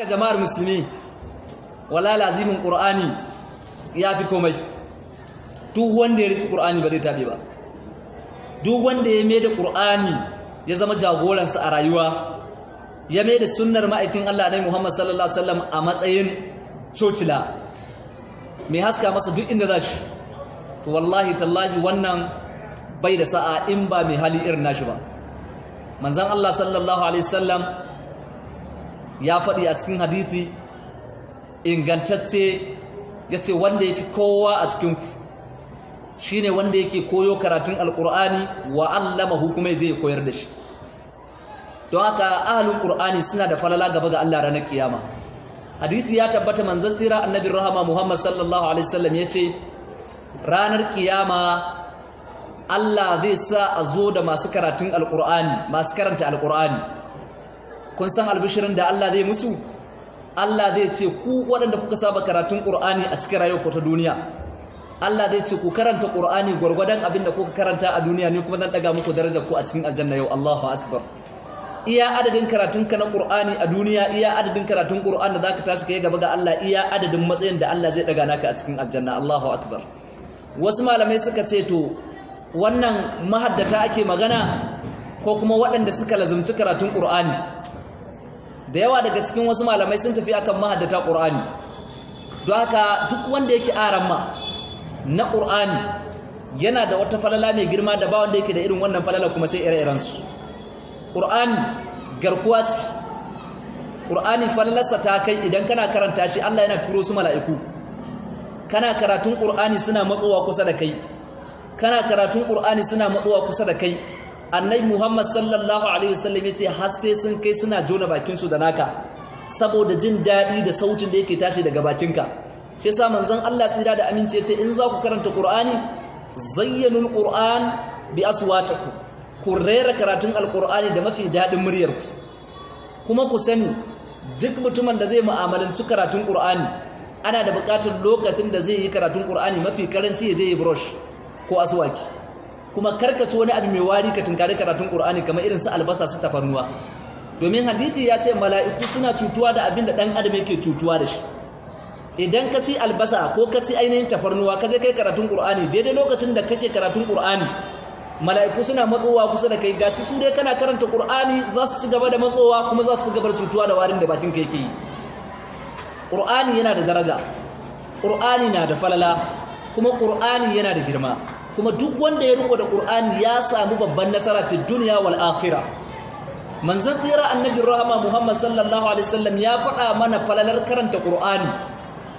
ga jama'ar musulmi wala lazimin ƙur'ani ya fi komai duk wanda ya riki ƙur'ani ba zai tabe ba duk wanda ya maida ƙur'ani ya zama jagoransa a rayuwa ya maida sunnar ma'aikin Allah na Muhammad sallallahu alaihi wasallam a matsayin cocila mai haska masa duk inda zashi to wallahi tallahi wannan bai da sa'a in ba mai hali irin nashi ba manzon Allah sallallahu alaihi wasallam ya faɗi a cikin hadithi ingantacce ya ce wanda ya fi kowa a cikinku shi ne wanda yake koyo karatun alƙur'ani wa allama hukumai zai koyar da shi don haka ahalin ƙur'ani suna da falala gaba ga allah ranar kiyama hadithi ya tabbata manzan tsira annabin rahama muhammad sallallahu alaihi wasallam ya ce ranar kiyama allah zai sa a zo da masu karatun alƙur'ani masu karanta alƙur'ani kun san albishirin da Allah zai musu Allah zai ce ku waɗanda kuka saba karatun Qur'ani a cikin rayuwar ta duniya Allah zai ce ku karanta Qur'ani gwargwadon abin da kuka karanta a duniya ne kuma zan daga muku darajar ku a cikin aljanna yau Allahu akbar iya adadin karatun ka na Qur'ani a duniya iya adadin karatun Qur'ani da zaka tashi kai gaba ga Allah iya adadin matsayin da Allah zai daga naka a cikin aljanna Allahu akbar wasu malamai suka ce to wannan mahaddata ake magana ko kuma waɗanda suka lazumci karatun Qur'ani da yawa daga cikin wasu malamai sun tafi akan mahaddata ƙur'ani don haka duk wanda yake aran ma na ƙur'ani yana da wata falala mai girma da ba wanda yake da irin wannan falala kuma sai ire-irensu ƙur'ani garkuwa ce ƙur'ani falalarsa ta kai idan kana karanta shi allah yana turo su mala'iku kana karatun ƙur'ani suna matsowa kusa da kai kana karatun ƙur'ani suna matsowa kusa da kai annai muhammad sallallahu alaihi wasallam ya ce har sai sun kai suna jona bakin su da naka saboda jin daɗi da sautin da yake tashi daga bakin bakinka shi yasa manzon Allah tsira da aminci ya ce in za ku karanta Qur'ani zayyanul Qur'an bi aswatakum ku rera karatun alqur'ani da mafi daɗin muryarku kuma ku sani duk mutumin da zai mu'amalanci karatun Qur'ani ana da buƙatar lokacin da zai yi karatun Qur'ani mafi karanci ya je ya brush ko aswaki kuma karkace wani abu mai wari ka tunkari karatun Qur'ani kamar irin su albasa su tafarnuwa domin hadisi ya ce mala'iku suna cutuwa da abin da dan adam yake cutuwa da shi idan ka ci albasa ko ka ci ainihin tafarnuwa ka je kai karatun Qur'ani daidai lokacin da kake karatun Qur'ani mala'iku suna matsowa kusa da kai gashi su dai kana karanta Qur'ani za su gaba da matsowa kuma za su gaba da cutuwa da warin da bakin ka yake yi Qur'ani yana da daraja Qur'ani na da falala kuma ƙur'ani yana da girma kuma duk wanda ya riko da ƙur'ani ya samu babban nasara fi duniya wal akhira manzon tsira annabi rahama muhammad sallallahu alaihi wasallam ya faɗa mana falalar karanta ƙur'ani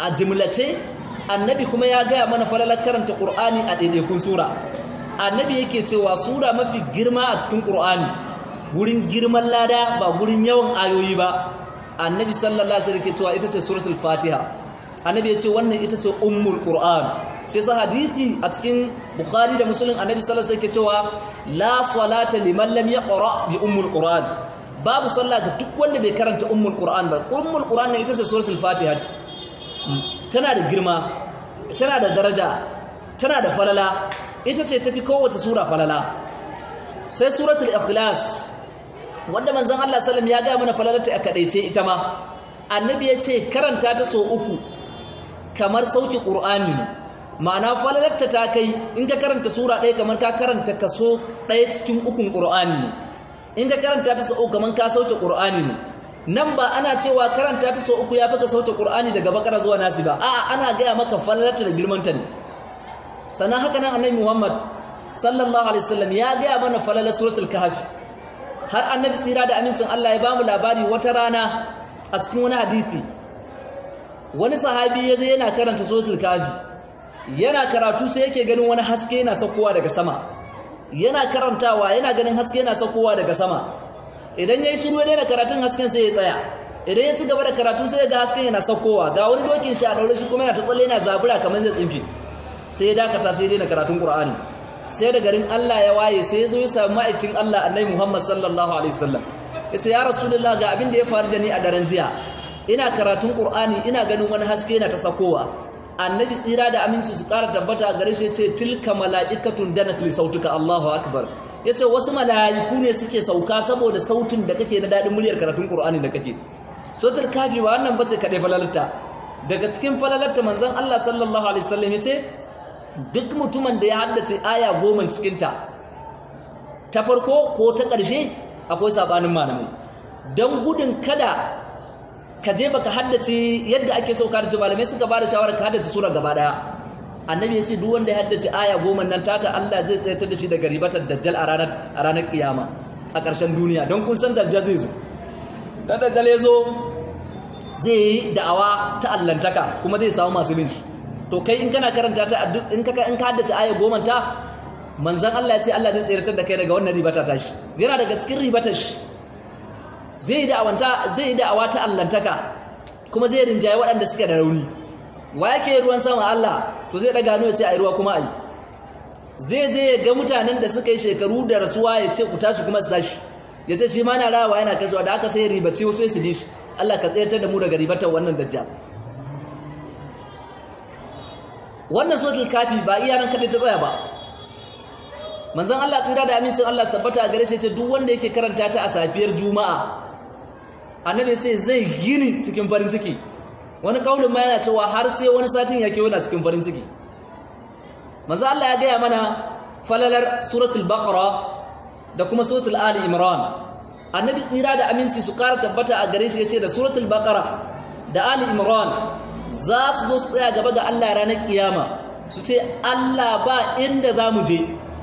a jimlace annabi kuma ya gaya mana falalar karanta ƙur'ani a ɗaiɗaikun sura annabi yake cewa sura mafi girma a cikin ƙur'ani gurin girman lada ba gurin yawan ayoyi ba annabi sallallahu alaihi wasallam yake cewa ita ce suratul fatiha annabi ya ce wannan ita ce ummul qur'an sai sa hadithi a cikin bukhari da musulun annabi sallallahu alaihi wasallam ke cewa la salata liman lam yaqra bi ummul qur'an babu sallah ga duk wanda bai karanta ummul qur'an ba ummul qur'an ne ita ce suratul fatiha tana da girma tana da daraja tana da falala ita ce tafi kowace sura falala sai suratul ikhlas wanda manzon Allah sallam ya ga mana falalarta a kadaice ita ma annabi ya ce karanta ta so uku kamar sauki qur'ani ne ma'ana falalarta ta kai in ka karanta sura ɗaya kamar ka karanta kaso ɗaya cikin ukun ƙur'ani ne in ka karanta ta sau kamar ka sauke ƙur'ani ne nan ba ana cewa karanta ta sau uku ya fi ka sauke ƙur'ani daga bakara zuwa nasi ba a'a ana gaya maka falalarta da girmanta ne sannan haka nan annabi muhammad sallallahu alaihi wasallam ya gaya mana falalar suratul kahf har annabi tsira da amincin allah ya bamu labari wata rana a cikin wani hadisi wani sahabi ya zai yana karanta suratul kahf yana karatu sai yake ganin wani haske yana saukowa daga sama yana karantawa yana ganin haske yana saukowa daga sama idan ya yi shiru daina karatun hasken sai ya tsaya idan ya ci gaba da karatu sai ga hasken yana saukowa ga wani dokin shi a ɗaure shi kuma yana ta tsalle yana zabura kamar zai tsinke sai ya dakata sai ya daina karatun qur'ani sai da garin Allah ya waye sai ya zo ya samu ma'aikin Allah annabi Muhammad sallallahu alaihi wasallam yace ya rasulullah ga abin da ya faru da ni a daren jiya ina karatun qur'ani ina ganin wani haske yana ta saukowa annabi tsira da aminci su ƙara tabbata a gare shi ce tilka mala'ikatun fi sautuka Allahu akbar yace wasu mala'iku ne suke sauka saboda sautin da kake na daɗin muryar karatun Qur'ani da kake Sautar kafi ba wannan bace kaɗai falalarta daga cikin falalarta manzon Allah sallallahu alaihi wasallam yace duk mutumin da ya haddace aya goma cikin ta ta farko ko ta ƙarshe akwai sabanin malamai don gudun kada ka je baka haddace yadda ake so ka malamai suka bada shawara ka haddace sura gaba daya annabi ya ce duk wanda ya haddace aya goma nan tata Allah zai tsayar da shi daga ribatar dajjal a ranar a ranar kiyama a ƙarshen duniya don kun san dajjal zai zo dan dajjal ya zo zai yi da'awa ta allantaka kuma zai samu masu bin shi to kai in kana karanta ta in ka in ka haddace aya goma ta manzon Allah ya ce Allah zai tsayar da kai daga wannan ribata ta shi yana daga cikin ribatar shi zai da'awanta zai da'awa ta allantaka kuma zai rinjaye waɗanda suke da rauni wa yake ruwan sama Allah to zai daga ya ce ai ruwa kuma ai zai je ya ga mutanen da suka yi shekaru da rasuwa ya ce ku tashi kuma su tashi ya ce shi ma na rawa yana kasuwa, da aka sai ribaci wasu su dishi Allah ka tsayar da mu daga ribatar wannan dajjal wannan sojin kafi ba iya ran kadai ta tsaya ba manzon Allah tsira da amincin Allah tabbata gare shi ce duk wanda yake karanta ta a safiyar juma'a annabi sai zai gini cikin farin ciki wani kaulin ma yana cewa har sai wani satin yake yana cikin farin ciki manzo Allah ya gaya mana falalar suratul baqara da kuma suratul ali imran annabi tsira da aminci su kara tabbata a gare shi yace da suratul baqara da ali imran za su zo su tsaya gaba ga Allah ranar kiyama su ce Allah ba inda za mu je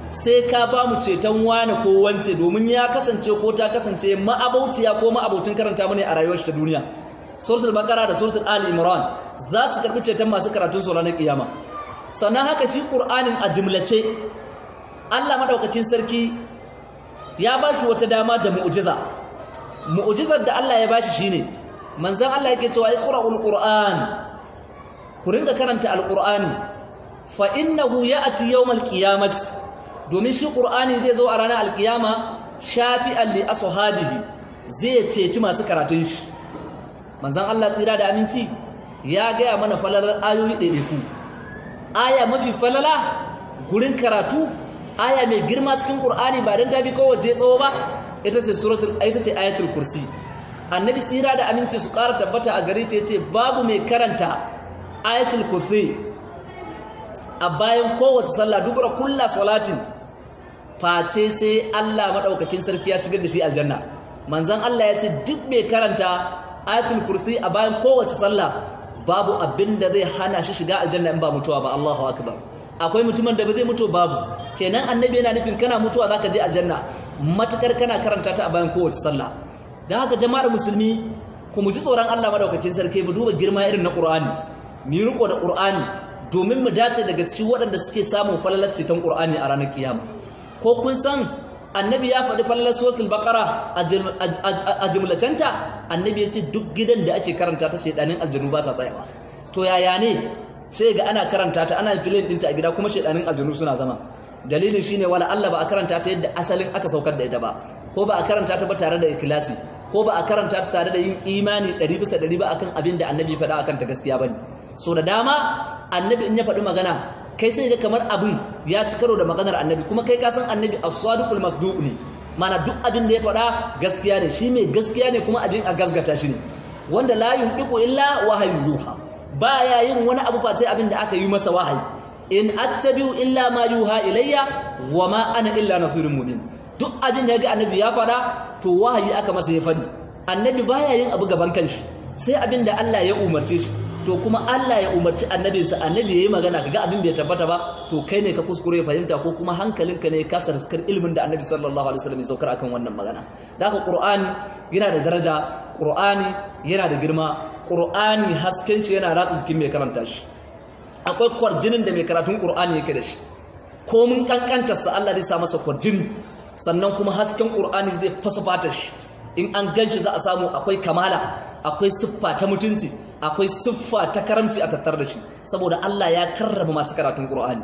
sai ka ba mu ceton wani ko wance domin ya kasance ko ta kasance ma'abauciya ko ma'abaucin karanta mune a rayuwar ta duniya suratul bakara da suratul ali imran za su karbi ceton masu karatun sura na kiyama sannan haka shi qur'anin a jimlace Allah madaukakin sarki ya ba shi wata dama da mu'jiza mu'jizar da Allah ya ba shi shine manzon Allah yake cewa iqra'ul qur'an ku ringa karanta alqur'ani fa innahu ya'ti yawmal qiyamati domin shi ƙur'ani zai zo a ranar alkiyama shafi alli sahabihi zai ceci masu karatun shi manzon Allah tsira da aminci ya gaya mana falalar ayoyi ɗaiɗaiku aya mafi falala gurin karatu aya mai girma cikin ƙur'ani ba don tafi kowace tsawo ba ita ce suratul ita ce ayatul kursi annabi tsira da aminci su ƙara tabbata a gare shi ce babu mai karanta ayatul kursi a bayan kowace sallah dubra kulla salatin face sai Allah maɗaukakin sarki ya shigar da shi aljanna manzan Allah ya ce duk mai karanta ayatul kursi a bayan kowace sallah babu abin da zai hana shi shiga aljanna in ba mutuwa ba Allahu akbar akwai mutumin da ba zai mutu babu kenan annabi yana nufin kana mutuwa zaka je aljanna matakar kana karanta ta a bayan kowace sallah dan haka jama'ar musulmi ku mu ji tsoron Allah madaukakin sarki mu duba girma irin na Qur'ani mu riko da Qur'ani domin mu dace daga cikin waɗanda suke samun falalar ceton Qur'ani a ranar kiyama ko kun san annabi ya faɗi fallar suratul baqara a jumlacenta annabi ya ce duk gidan da ake karanta ta shedanin aljanu ba sa tsayawa to yaya ne sai ga ana karanta ta ana filin dinta a gida kuma shedanin aljanu suna zama dalilin shine wala Allah ba a karanta ta yadda asalin aka saukar da ita ba ko ba a karanta ta ba tare da ikilasi ko ba a karanta ta tare da yin imani ɗari bisa ɗari ba akan abin da annabi faɗa akan ta gaskiya ba ne so da dama annabi in ya faɗi magana kai sai ga kamar abin ya ci karo da maganar annabi kuma kai ka san annabi as-sadiqul masduq ne mana duk abin da ya faɗa gaskiya ne shi mai gaskiya ne kuma abin a gasgata shi ne wanda la yundiqu illa wahayu Ba ya yin wani abu face abin da aka yi masa wahayi in attabi'u illa ma yuha ilayya wa ma ana illa nasirun mubin duk abin da ya ga annabi ya faɗa to wahayi aka masa ya faɗi annabi baya yin abu gaban kanshi sai abin da Allah ya umarce shi to kuma Allah ya umarci annabinsa annabi ya yi magana ga abin bai tabbata ba to kai ne ka kuskure fahimta ko kuma hankalinka ne ka sarskar ilmin da annabi sallallahu alaihi wasallam ya saukar akan wannan magana da haka qur'ani yana da daraja qur'ani yana da girma qur'ani hasken shi yana ratsa jikin mai karanta shi akwai kwarjinin da mai karatun qur'ani yake da shi ko mun kankantar sa Allah zai sa masa kwarjini sannan kuma hasken qur'ani zai fasa fata shi in an gan shi za a samu akwai kamala akwai siffa ta mutunci akwai siffa ta karamci a tattar da shi saboda Allah ya karrama masu karatun Qur'ani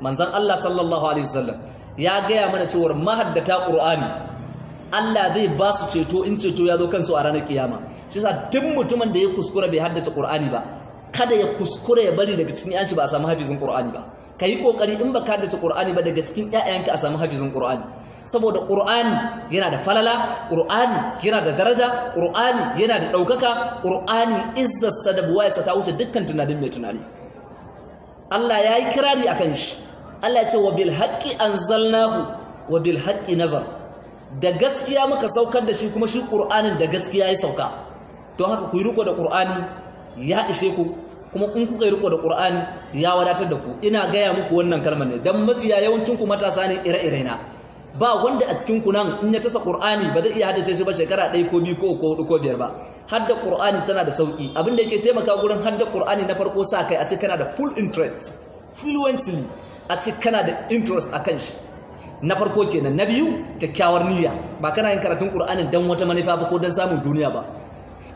manzon Allah sallallahu alaihi wasallam ya gaya mana cewa mahaddata Qur'ani Allah zai ba su ceto in ceto ya zo kansu a ranar kiyama shi yasa duk mutumin da ya kuskura bai haddace Qur'ani ba kada ya kuskura ya bari daga cikin yanshi ba a samu hafizin Qur'ani ba ka yi kokari in baka haddace Qur'ani ba daga cikin ƴaƴanka a samu hafizin Qur'ani saboda ƙur'ani yana da falala ƙur'ani yana da daraja ƙur'ani yana da ɗaukaka ƙur'ani izzarsa da buwayarsa ta wuce dukkan tunanin mai tunani Allah ya yi kirari a kan shi Allah ya ce wa bil haƙƙi anzalnahu wa bil haƙƙi nazar da gaskiya muka saukar da shi kuma shi ƙur'anin da gaskiya ya sauka don haka ku yi riko da ƙur'ani ya ishe ku kuma in kuka yi riko da ƙur'ani ya wadatar da ku ina gaya muku wannan kalmar ne don mafiya yawancin ku matasa ne ire-ire na ba wanda a cikin ku in ya tasa Qur'ani ba zai iya haddace shi ba shekara ɗaya ko biyu ko uku hudu ko biyar ba hadda Qur'ani tana da sauki abin da yake taimaka gurin hadda Qur'ani na farko sa kai a ce kana da full interest fluently a ce kana da interest akan shi na farko kenan na biyu kyakkyawar niyya ba kana yin karatun Qur'anin dan wata manufa ba ko dan samun duniya ba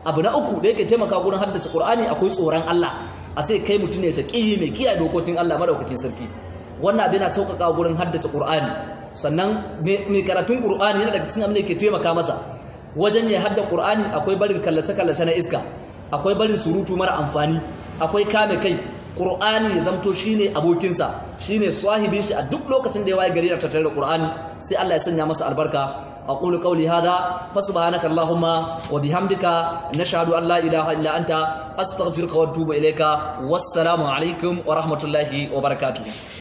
abu na uku da yake taimaka gurin haddace Qur'ani akwai tsoron Allah a ce kai mutum ne ta ƙi mai kiyaye dokokin Allah madaukakin sarki wannan abin yana sauƙaƙa gurin haddace Qur'ani sannan mai karatun ƙur'ani yana daga cikin abin da ke taimaka masa wajen ya hadda ƙur'ani akwai barin kallace-kallace na iska akwai barin surutu mara amfani akwai kame kai ƙur'ani ya zamto shine abokinsa shine sahibin shi a duk lokacin da ya waye gari na tattare da ƙur'ani sai Allah ya sanya masa albarka أقول قولي هذا فسبحانك اللهم وبحمدك na أن لا إله إلا أنت أستغفرك وأتوب إليك والسلام عليكم ورحمة